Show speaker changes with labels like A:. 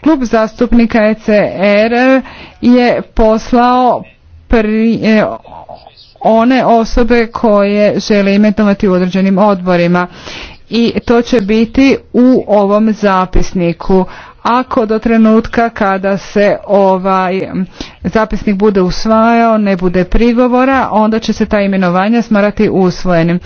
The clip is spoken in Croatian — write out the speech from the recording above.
A: Klub zastupnika ECR je poslao e, one osobe koje žele imenovati u određenim odborima i to će biti u ovom zapisniku. Ako do trenutka kada se ovaj zapisnik bude usvajao, ne bude prigovora, onda će se ta imenovanja smarati usvojenim.